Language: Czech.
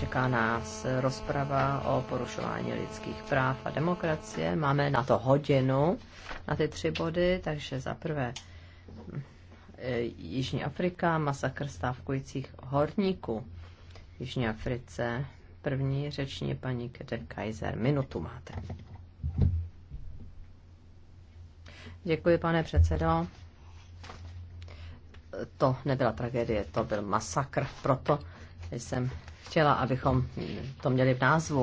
čeká nás rozprava o porušování lidských práv a demokracie. Máme na to hodinu, na ty tři body, takže za prvé eh, Jižní Afrika, masakr stávkujících horníků. V Jižní Africe první řeční paní Kede Kaiser. Minutu máte. Děkuji, pane předsedo. To nebyla tragédie, to byl masakr. Proto jsem chtěla, abychom to měli v názvu.